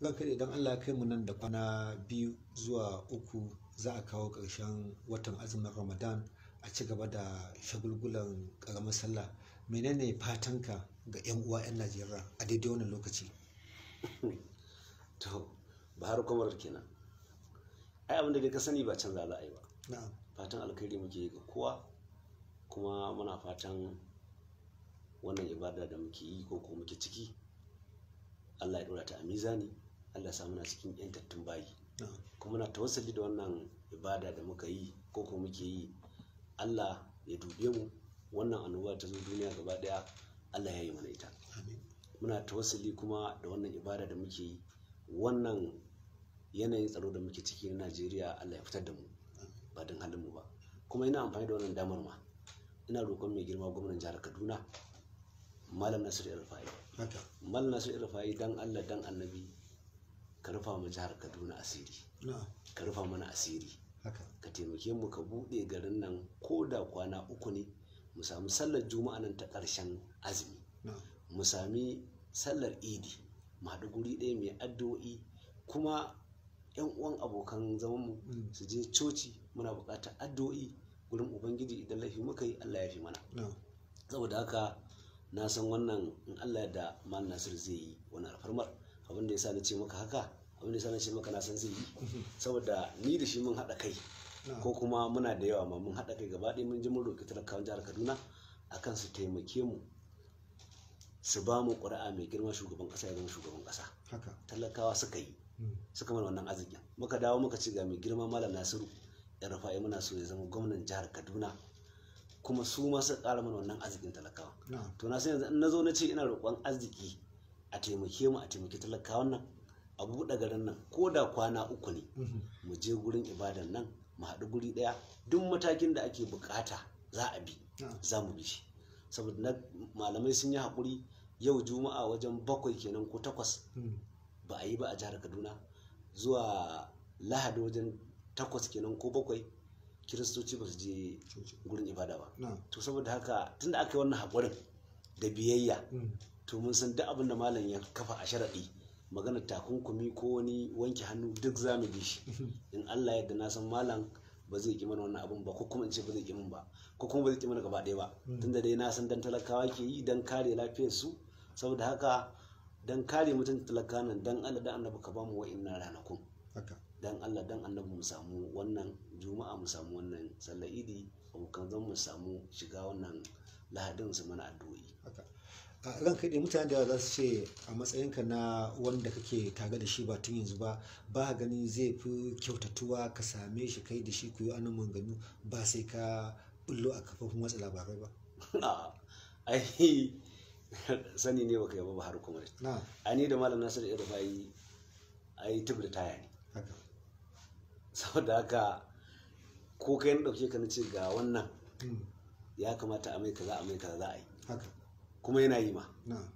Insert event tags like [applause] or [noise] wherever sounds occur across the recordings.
zan kaɗe idan allah kai mu nan da kwana biyu zuwa uku za a kawo ƙarshen watan azumin ramadan a ci gaba da shagulgulan ƙaramin sallah menene fatanka ga 'yan uwa 'yan najeriya a daidai wannan lokaci to bahar kuma kenan ai abin da ka sani ba canza za ba fatan alkhairi muke ga kowa kuma muna fatan wannan ibada da muke yi ko ko muke ciki allah ya dora ta a mizani Allah sa muna cikin yantattun bayi kuma muna tawassali da wannan ibada da muka yi ko kuma muke yi Allah ya dube mu wannan annoba ta zo duniya gaba daya Allah ya yi mana ita muna tawassali kuma da wannan ibada da muke yi wannan yanayin tsaro da muke ciki na Najeriya Allah ya fitar da mu ba don halin mu ba kuma ina amfani da wannan damar ma ina roƙon mai girma gwamnan jihar Kaduna Malam Nasiru Al-Fa'i, Malam Nasiru Al-Fa'i, dan Allah dan Annabi ka rufa mu jihar kaduna asiri ka rufa mana asiri ka taimake mu ka buɗe garin nan ko da kwana uku ne mu sami sallar juma'a nan ta ƙarshen azumi mu sami sallar idi mu haɗu guri ɗaya mai addu'o'i kuma yan uwan abokan zaman mu mm. su je coci muna buƙatar addu'o'i gurin ubangiji idan laifi muka yi allah ya fi mana saboda haka na san wannan in allah da man nasir zai yi wani alfarmar abin da ya sa na ce maka haka abin da sanin shi maka na san zai yi mhm. saboda ni da shi mun haɗa kai ko kuma muna da yawa ma mun haɗa kai gaba ɗaya mun ji mun roƙi talakawan jihar kaduna akan su taimake mu su ba mu ƙuri'a mai girma shugaban ƙasa ya zama shugaban ƙasa talakawa suka yi hmm. suka mana wannan arzikin muka dawo muka ci ga mai girma malam nasiru yan rufa'i muna so ya zama gwamnan jihar kaduna kuma su ma suka ƙara mana wannan arzikin talakawa to na sai yanzu in na zo na ce ina roƙon arziki a taimake mu a taimake talakawan nan a buɗe garin nan ko da kwana uku ne mhm. mu je gurin ibadan nan mu haɗu guri ɗaya duk matakin da ake bukata za a bi ah. za mu bi shi saboda malamai sun yi haƙuri yau juma'a wajen bakwai kenan ko takwas hmm. ba a yi ba a jihar kaduna zuwa lahadi wajen takwas kenan ko bakwai kiristoci ba su je gurin ibada ba to saboda haka tunda aka yi wannan haƙurin da biyayya hmm. to mun san duk abin da malam ya kafa a sharaɗi magana takunkumi ko wani wanke hannu duk za mu bi shi [laughs] in Allah yadda na san malam ba zai ƙi mana wannan abun ba ko kuma in ce ba zai ƙi min ba ko kuma ba zai ki mana gaba ɗaya ba hmm. tunda dai na san dan talakawa ke yi dan kare lafiyar su saboda haka dan kare mutum talaka nan dan Allah dan annabi ka bamu wa'innan ranakun dan Allah dan annabi mu samu wannan juma'a mu samu wannan sallah idi abokan zan mu samu shiga wannan lahadin su mana addu'o'i ran kai mutane da za su ce a matsayinka na wanda kake tare da shi ba tun yanzu ba ba gani zai fi kyautatuwa ka same shi kai da shi ku yi anan manganu ba sai ka bullo a kafofin watsa labarai ba [laughs] ai [laughs] sani ne baka yaba ba har kuma a ni da malam nasir bayi ai tub da taya ne saboda haka ko kai na dauke ka na ce ga wannan hmm. ya kamata a mai kaza a mai kaza za a yi kuma yana yi ma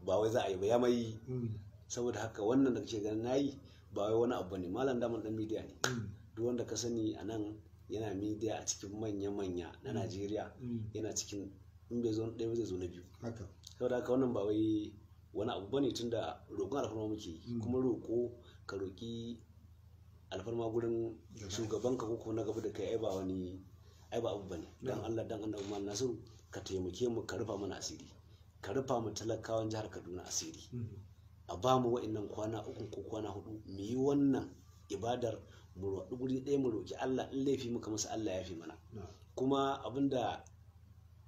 ba wai za a yi ba ya mai mm. saboda haka wannan da kake ganin nayi ba wai wani abu ne malam daman dan midiya ne mm. duk wanda ka sani a nan yana midiya a cikin manya-manya na mm. Najeriya yana cikin in bai zo zai zo na biyu saboda haka wannan ba wai wani abu bane tunda roƙon alfarma muke yi kuma roƙo ka roƙi alfarma gurin shugaban ka koko na gaba da kai ai ba wani ai ba abu bane dan Allah dan Allah Umar Nasiru ka taimake mu ka rufa mana asiri ka rufa mu talakawan jihar kaduna asiri mm-hmm. a ba mu wa'annan kwana uku ko kwana hudu mu yi wannan ibadar mu roƙi guri ɗaya mu roƙi allah in laifi muka masa allah ya fi mana kuma abinda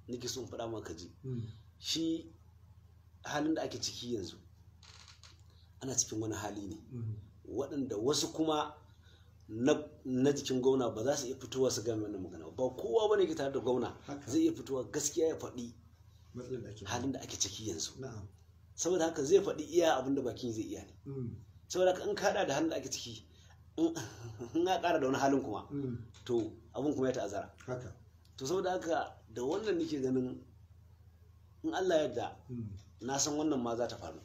nake son faɗa maka ji mm-hmm. shi halin da ake ciki yanzu ana cikin wani hali ne mm-hmm. waɗanda wasu kuma na jikin gwamna ba za su iya fitowa su gami wannan magana ba kowa bane ke tare da gwamna zai iya fitowa gaskiya ya faɗi halin da ake ciki yanzu saboda haka zai faɗi iya abin da bakin zai iya ne mm. saboda haka in kaɗa da halin da ake ciki in ya ƙara da wani halin kuma mm. to abin kuma ya ta'azara to saboda haka da wannan nake ganin in Allah yadda mm. na san wannan ma za ta faru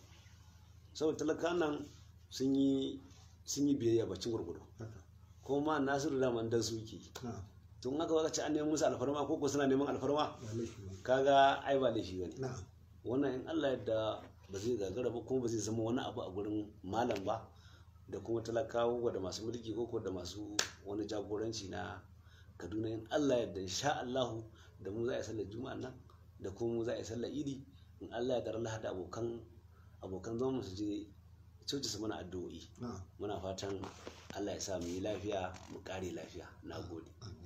saboda talaka nan sun yi biyayya bacin gurgudu kuma nasiru da mandan su yi. tun haka zaka ci an neman musu alfarma ko ko suna neman alfarma kaga ai ba laifi bane wannan in Allah yadda ba zai gagara ba kuma ba zai zama wani abu a gurin malam ba da kuma talakawa da masu mulki ko da masu wani jagoranci na Kaduna in Allah yadda insha Allah da mu za a yi sallar juma'a nan da kuma mu za a yi sallar idi in Allah ya dar abokan abokan zama su je coci su mana addu'o'i muna fatan Allah ya sa mu yi lafiya mu kare lafiya na gode